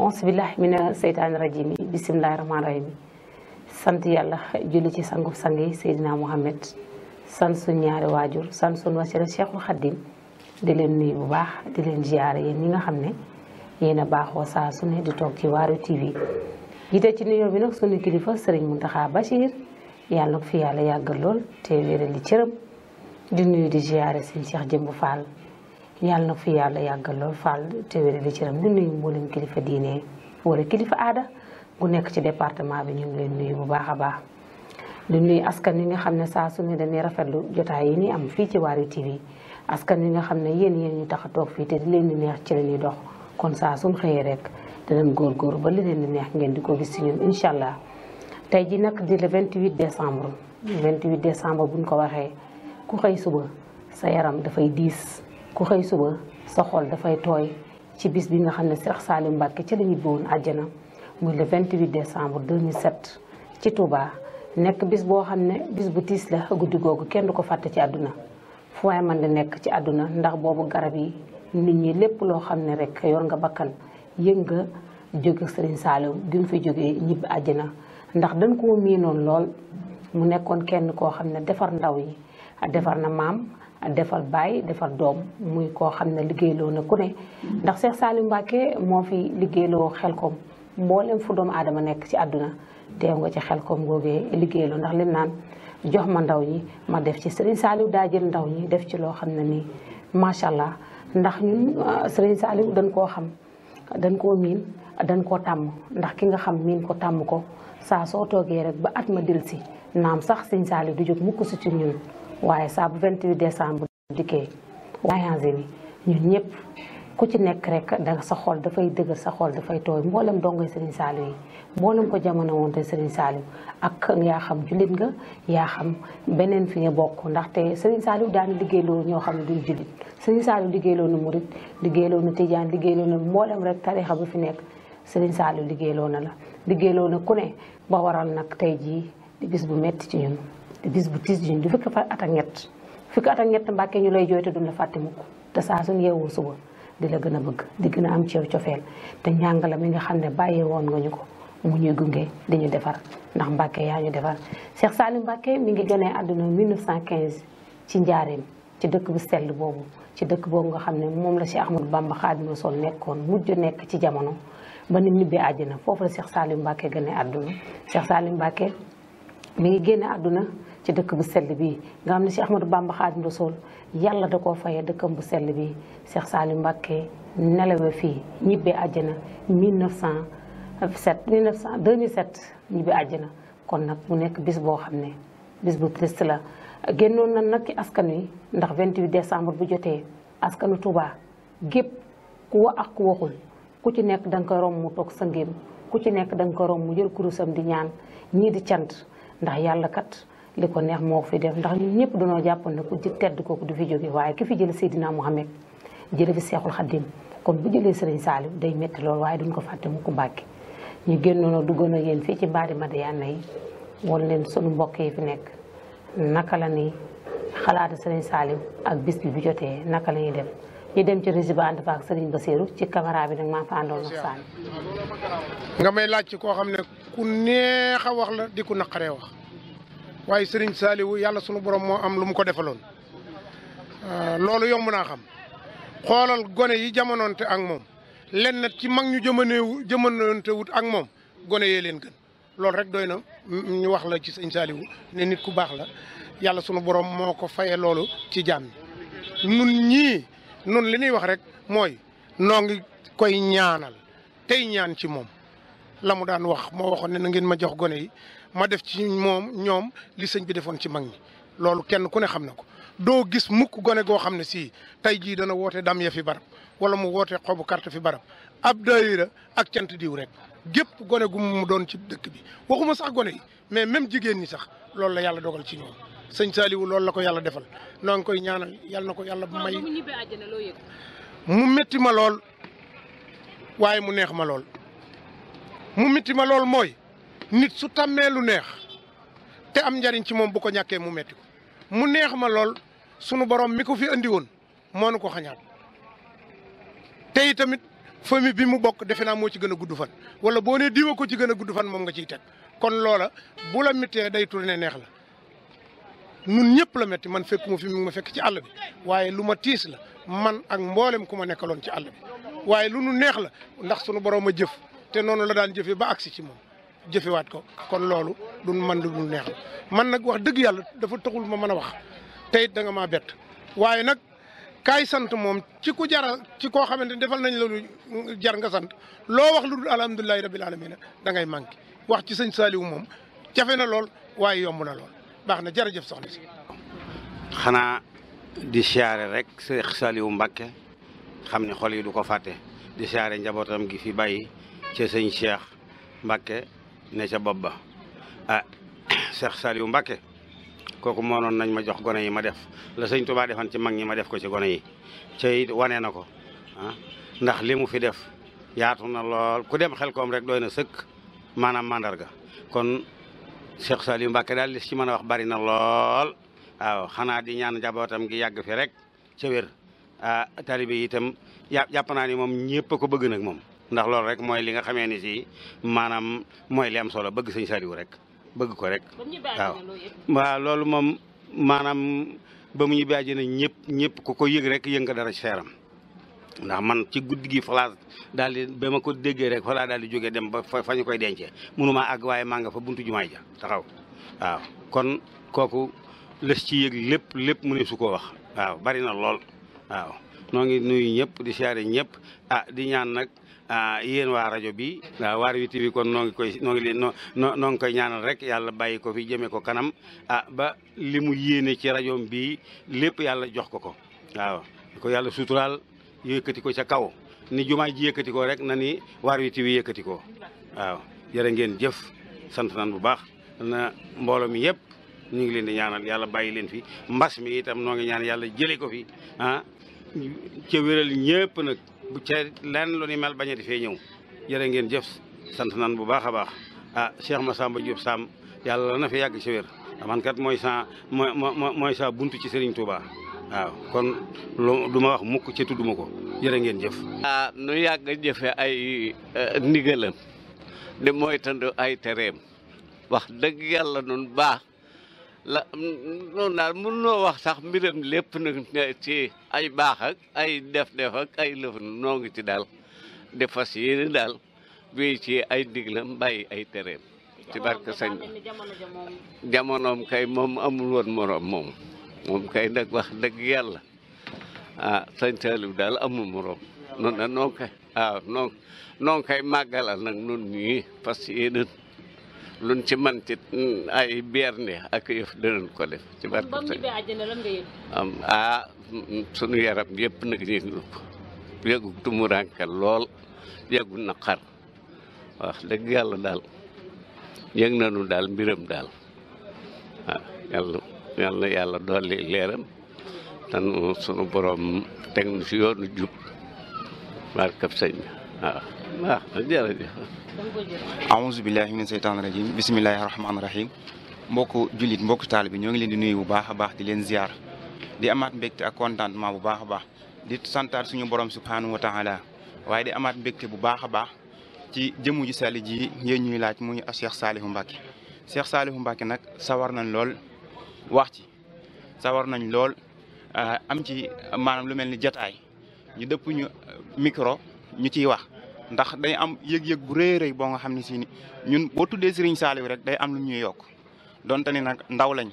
auzu billahi mina seytaani rajim yi bisimilahi rahmaani rahim sant yàlla julli ci sanguf sang yi Seydina Mohamed sant suñ ñaari waajur sant suñ wasila Cheikhul Khadim di leen nuyu bu baax di leen ziyaare yéen ñi nga xam ne yéen a baaxoo saasu su ne di toog ci Waarwi TV jiite ci nuyoo bi nag sunu kilifa Serigne Mountakha Bachir yàlla ko fi yàlla lool te wéral li cëram di nuyu di ziyaare seen Cheikh Jëmbu Fall yàlla na fi yàlla yàggal lool Fall téwéri li ci ram di nuyu mboolem kilifa diine a kilifa aada gu nekk ci département bi ñu ngi leen nuyu bu baax a baax lu nuyu askan yi nga xam ne saa su ne dañuy rafetlu jotaay yi ni am fii ci Waarwi TV askan yi nga xam ne yéen yéen ñu tax a toog fii te di leen di neex ci la ñuy dox kon saa suñ xëyee rek danañ góorgóor ba li leen di neex ngeen di ko gis ci ñun incha allah tey ji nag di le 28 décembre 28 décembre buñ ko waxee ku xëy suba sa yaram dafay diis ku xëy suba sa xool dafay tooy ci bis bi nga xam ne Cheikh Salim Mbacke ci la ñibbi woon àjjana muy le 28 décembre 2007 ci Touba nekk bis boo xam ne bis bu tiis la guddi googu kenn du ko fàtte ci àdduna fu waaye man di nekk ci àdduna ndax boobu garab yi nit ñi lépp loo xam ne rek yoon nga bakkan yëg nga jóge Serigne Saliou bi fi jóge ñibbi àjjana ndax dañ koo miinoon lool mu nekkoon kenn koo xam ne defar ndaw yi defar na maam defal baay defal doom muy koo xam ne liggéeyloo na ku ne ndax Cheikh Saliou Mbacké moo fi liggéeyloo Xelkom mboolem fu doomu aadama nekk ci àdduna teew nga ci xel Xelkom googee liggéeyloo ndax leen naan jox ma ndaw ñi ma def ci Serigne Saliou jël ndaw ñi def ci loo xam ne nii macha allah ndax ñun ah, Serigne Saliou dañ koo xam dañ koo miin dañ koo tàmm ndax ki nga xam miin ko tàmm ko saa soo toogee rek ba at ma dil si naam sax Serigne Saliou du jóg mukk si ci waaye saabu saa bu 28 décembre dikkee voyage bi ñun ñëpp ku ci nekk rek da sa xool dafay dëgër sa xool dafay tooy mboolem dongoy Serigne Saliou yi mboolem ko jamono woon te Serigne Saliou ak yaa xam jullit nga yaa xam beneen fi nga bokk ndaxte Serigne Saliou daan liggéeyloo ñoo xam ne duñ jullit Serigne Saliou liggéeyloo na murit liggéeyloo na tijaan liggéeyloo na mboolem rek tarixa bu fi nekk Serigne Saliou liggéeyloo na la liggéeyloo na ku ne ba waral nag tey jii di bis bu metti ci ñun te bis bu tiis juñ du fukki fa at ak ñett fukki at ak ñett ñu lay jooy te duñ la fàtte mukk te saa suñ yeewoo suba di la gën a bëgg di gën a am ceew cofeel te njàngale mi nga xam ne bàyyee woon nga ñu ko mu ñuy gunge di ñu defar ndax mbàkke yaa ñu defar Cheikh Salim Mbàkke mi ngi gënee àdduna 1915 ci njaareem ci dëkk bu sell boobu ci dëkk boobu nga xam ne moom la Cheikh Ahmadou Bamba Xaadimu Rasuul nekkoon mujj nekk ci jamono ba ni ñibbee àjjana foofu la Cheikh Salim Mbàkke gënee àdduna Cheikh Salim Mbàkke mi ngi génne àdduna ci dëkk bu sell bi nga xam ne Cheikh Ahmadou Bamba Xaadimu Rasuul yàlla da koo fayee dëkkam bu sell bii Cheikh Saliou Mbacké nelewe fii ñibbee àjjana 1907 1900 2007 ñibbee àjjana kon nag mu nekk bis boo xam ne bis bu triste la génnoon na nag ci askan wi ndax 28 décembre bu jotee askanu tubaa gépp ku ku waxul ku ci nekk da ko romb mu toog sa ngéem ku ci nekk da ko romb mu jël kurusam di ñaan ñii di cant ndax yàlla kat li ko neex moo fi def ndax ñun ñëpp dañoo jàppoon na ku ci tedd kooku du fi jóge waaye ki fi jël Seydina Mouhamed jële fi Seexul Xaddim kon bu jëlee Sëriñ Saaliw day métti loolu waaye duñ ko fàtte mu ko Mbàkke ñu génnoon duggoon ak yéen fii ci mbaari Madiyana yi leen sunu mbokk yi fi nekk naka la ni xalaata Sëriñ Saaliw ak bis bi jotee naka la ñuy def ñu dem ci rési ba ànd fa ak Sëriñ Basiiru ci caméra bi nag maa fa àndoon ak Sane. nga may laaj koo xam ne ku neex wax la di ku naqaree wax. waaye Serigne Saliou yàlla sunu borom moo am lu mu ko defaloon euh, loolu yomb naa xam xoolal gone yi jamonoonte ak moom lenn ci mag ñu jëmaneewu jëmanoonte wut ak moom gone yee leen gën loolu rek doy na ñu wax la ci sëñ Saliou ne nit ku baax la yàlla sunu borom moo ko faye loolu ci jaan yi nun ñii nun li ñuy wax rek mooy noo ngi koy ñaanal tey ñaan ci moom la mu daan wax moo waxoon ne na ngeen ma jox gone yi ma def ci moom ñoom li sëñ bi defoon ci mag ñi loolu kenn ku ne xam ne ko doo gis mukk gone goo xam ne sii tey jii dana woote dam ya fi barab wala mu woote xobu kart fi barab ab daayira ak cant diw rek gépp gone gu mu doon ci dëkk bi waxuma sax gone yi mais même jigéen ñi sax loolu la yàlla dogal ci ñoom sëñ saaliwu loolu la ko yàlla defal noo ngi koy ñaana yàlla na ko yàlla bu may mu metti ma lool waaye mu neex ma lool mu métti ma lool mooy nit su tàmmee lu neex te am njariñ ci moom bu ko ñàkkee mu metti mu neex ma lool sunu borom mi ko fi andi woon moo nu ko xañaat tey tamit famille bi mu bokk defe naa moo ci gën a gudd fan wala boo nee diwa ko ci gën a gudd fan moom nga ciy teg kon loola bu la mittee day tourné neex la nun ñëpp la metti man fekkuma fi mu ma fekk ci àll bi waaye lu ma tiis la man ak mboolem ku ma nekkaloon ci àll bi waaye lu nu neex la ndax sunu borom a jëf te noonu la daan jëfee ba agsi ci moom jëfewaat ko kon loolu duñ man lu neex man nag wax dëgg yàlla dafa taxul ma mën a wax tey it da nga maa bett waaye nag kaay sant moom ci ko jara ci koo xamante ne defal nañ loolu jar nga sant loo wax lu dul alhamdulilahi rabil alamina da ngay manqué wax ci sëñ Saliou moom jafe na lool waaye yomb na lool baax na jërëjëf soxna si. xanaa di siyaare rek Cheikh Saliou Mbacke xam ne xol yi du ko fàtte di siyaare njabootam gi fi bàyyi ci sëñ Cheikh Mbacke ne ca bopp ba ah Cheikh Saliou Mbacké kooku moo noon nañ ma jox gone yi ma def la sëñ Tuubaa defan ci mag ñi ma def ko ci gone yi ca it wane na ko ah, ndax li mu fi def yaatu na lool ku dem xel koom rek doy na sëkk maanaam mandarga kon Cheikh Saliou mbake daal li ci mën a wax bari na lool waaw xanaa di ñaan njabootam gi yàgg fi rek ca wér a ah, talibe yi itam yàpp naa ni moom ñëpp ko bëgg nag moom ndax loolu rek mooy li nga xamee ni si maanaam mooy li am solo bëgg sëñ Saliou rek bëgg ko rek waaw waaw loolu moom maanaam ba mu ñu bàjji na ñëpp ñëpp ku ko yëg rek yëg nga dara ci seeram ndax man ci guddi gi falaas daal di ba ma ko rek falaa daal di jógee dem ba fa koy dencee mënumaa àgg waaye maa nga fa buntu jumaay ja taxaw kon kooku ci yëg lépp lépp mu su ko wax bari na lool waaw noo ngi nuyu di siyaare ñëpp ah, di ñaan nag Ah, yéen waa rajo bi ah, Waarwi TV kon noo ngi koy noo ngi leen noo noo ngi koy ñaanal rek yàlla bàyyi ko fi jëmee ko kanam a ah, ba li mu yéene ci rajoom bi lépp yàlla jox ko ko waaw ko yàlla suturaal yëkkati ko ca kaw ni jumaa ji yëkkati ko rek na ni Waarwi TV yëkkati ko waaw jërë ngeen jëf sant nan bu baax na mbooloo mi yëpp ñu ngi leen di ñaanal yàlla bàyyi leen fi mbas mi itam noo ngi ñaan yàlla jëlee ko fi ah ca wéral ñëpp bu ca lenn lu ni mel bañati fee ñëw jërë ngeen jëf sant nan bu baax a baax ah Cheikh Massamba Diop Sam yàlla na fi yàgg ci wér ah, man kat mooy sa moo mooy saa bunt ci Serigne Touba waaw kon lu duma wax mukk ci tudduma ko jërë ngeen jëf. ah nu yàgg a jëfe ay eh, ndigalam di mooy tandu ay tereem wax dëgg yàlla nun baax. la noonu daal mën noo wax sax mbiram lépp na ci ay baax ay def-def ay lëf noo ngi ci daal di fas yéene daal wéy ci ay diglam bàyyi ay tereem ci barke sañ jamonoom kay moom amul woon moroom moom moom kay nag wax dëgg yàlla ah sañ Saliou daal amul moroom noonu na kay waaw ah, noonu noonu kay màggalal nag noonu ñii fas yéene luñ ci man ci mm, ay berne ak yëf dinañ ko def. ci barke am a ah, mm, sunu yaram yëpp nag yëg na ko yëgu tumuraanke lool yëgu naqar wax dëgg yàlla daal yëg nañu daal mbiram daal ah yàlla yàlla yàlla dolli leeram tan sunu borom teg na si yoonu jub barkab sëñ bi waaw. waaw ah, jërëjëf. aouzu billahi min seytaani rajim bismillahi rahmaani rahim mbokk jullit taal bi ñoo ngi leen di nuyu bu baax a baax di leen ziar di amaat mbégte ak contentement bu baax a baax di santaat suñu borom subhanahu wa taala waaye di amaat mbégte bu baax a baax ci jëmu ji sali ji ngeen ñuy laaj muy Cheikh Saliou Mbacké Cheikh Saliou Mbacké nag sawar nañ lool wax ci sawar nañ lool ah, am ci maanaam lu mel ni jotaay ñu dëpp ñu micro ñu ciy wax. ndax day am yëg-yëg bu rëy rëy boo nga xam ne si ni ñun boo tuddee Serigne Saliou rek day am lu ñuy yokk donte ni nag ndaw lañ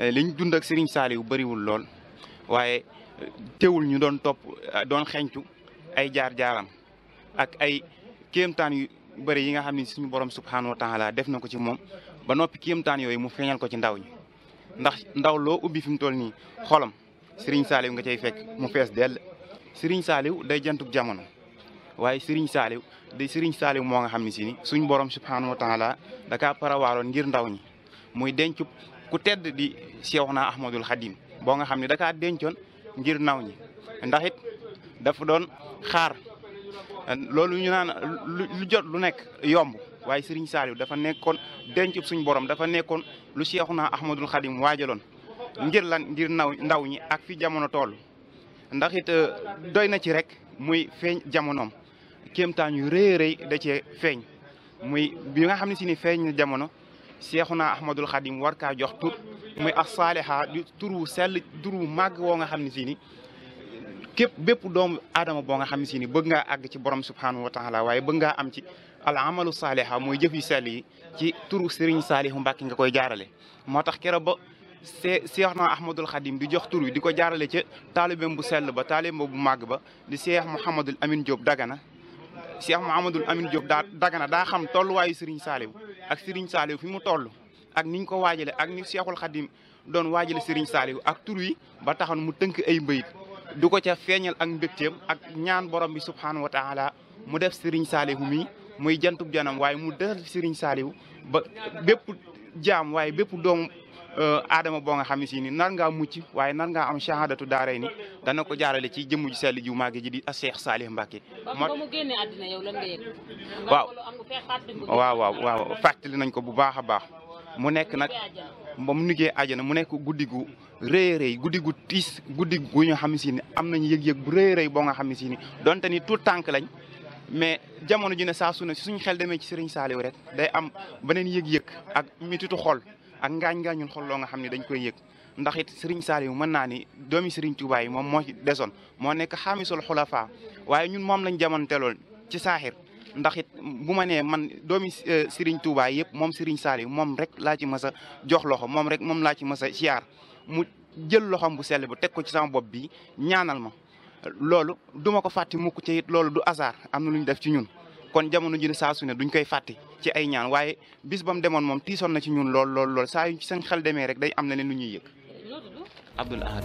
eh, liñ dund ak Serigne Saliou bëriwul lool waaye eh, teewul ñu doon topp eh, doon xencu ay jaar-jaaram ak ay kéemtaan yu bëri yi nga xam ne suñu borom subhanahu wa taala def na ko ci moom ba noppi kéemtaan yooyu mu feeñal ko ci ndaw ñi ndax ndaw loo ubbi fi mu toll nii xolam Serigne Saliou nga cay fekk mu fees dell Serigne Saliou day jantug jamono. waaye Serigne Saliou de Serigne Saliou moo nga xam ne si ni suñ borom subhanahu wa taala dakaa parawaaloon ngir ndaw ñi muy denc ku tedd di Seexuna Ahmadul Xadim boo nga xam ne dakaa dencoon ngir ndaw ñi ndax it dafa doon xaar loolu ñu naan lu jot lu nekk yomb waaye Serigne Saliou dafa nekkoon dencub suñ borom dafa nekkoon lu Seexuna Ahmadul Xadim waajaloon ngir lan ngir ndaw ndaw ñi ak fi jamono toll ndax it doy na ci rek muy feeñ jamonoom kéemtaan yu rëy rëy da cee feeñ muy bi nga xam ne si ni feeñ na jamono Seexuna Ahmadul Xadim war kaa jox tur muy ak saaliha di tur wu sell màgg woo nga xam ne si ni képp bépp doomu aadama boo nga xam ne si ni bëgg ngaa àgg ci borom subhanahu wa taala waaye bëgg ngaa am ci al amalu saaliha mooy jëf yu yi ci turu Serigne Saalihu Mbàkke nga koy jaarale moo tax keroog ba see Seexna Ahmadul Xadim di jox tur wi di ko jaarale ca taalibeem bu sell ba taalibeem bu màgg ba di Seex Muhammadul Amin Diop Dagana Cheikh Mouhamadul Amin Diop daa dagana daa xam tolluwaayu Serigne Saliou ak Serigne Saliou fi mu toll ak niñ ko waajalee ak ni Cheikhul Khadim doon waajale Serigne Saliou ak tur wi ba taxoon mu tënk ay mbayit du ko ca feeñal ak mbégteem ak ñaan borom bi subhaanahu wa taala mu def Serigne Saliou mi muy jantub janam waaye mu def Serigne Saliou ba bépp jaam waaye bépp doomu aadama euh, boo nga xam si ni nar ngaa mucc waaye nar ngaa am shahadatu daaray ni dana ko jaarale ci jëmm ji sell ju màgg ji di a Cheikh Salih Mbacke. ba mu génnee àddina waaw waaw waaw nañ ko bu baax a baax. mu nekk nag ba mu liggéey àjjana mu nekk guddi gu rëy rëy guddi gu tiis guddi gu ñu xam si ni am nañ yëg-yëg bu rëy rëy boo nga xam si ni donte ni tout tànk lañ mais jamono ji ne saa su ne suñ xel demee ci Serigne Saliou rek day am beneen yëg-yëg ak mititu xol ak ngaañ-ngaañun xol loo nga xam ne dañ koy yëg ndax it Serigne Saliou mën naa ni doomi Serigne Touba yi moom moo ci desoon moo nekk xaamisul xulafa waaye ñun moom lañ jamontelool ci saaxir ndax it bu ma nee man doomi e, Serigne Touba yëpp moom Serigne Saliou moom rek laa ci mës a jox loxo moom rek moom laa ci mës a siyaar mu jël loxoom bu sell bu teg ko ci sama bopp bi ñaanal ma loolu duma ko fàtte mukk ci loolu du hasard am na lu ñu def ci ñun kon jamono ji ne saa su ne duñ koy fàtte ci ay ñaan waaye bis ba mu demoon moom tiisoon na ci ñun lool lool lool saa yu ci seen xel demee rek day am na leen lu ñuy yëg Abdoul Ahad